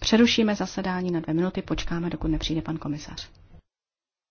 Přerušíme zasedání na dvě minuty, počkáme, dokud nepřijde pan komisař.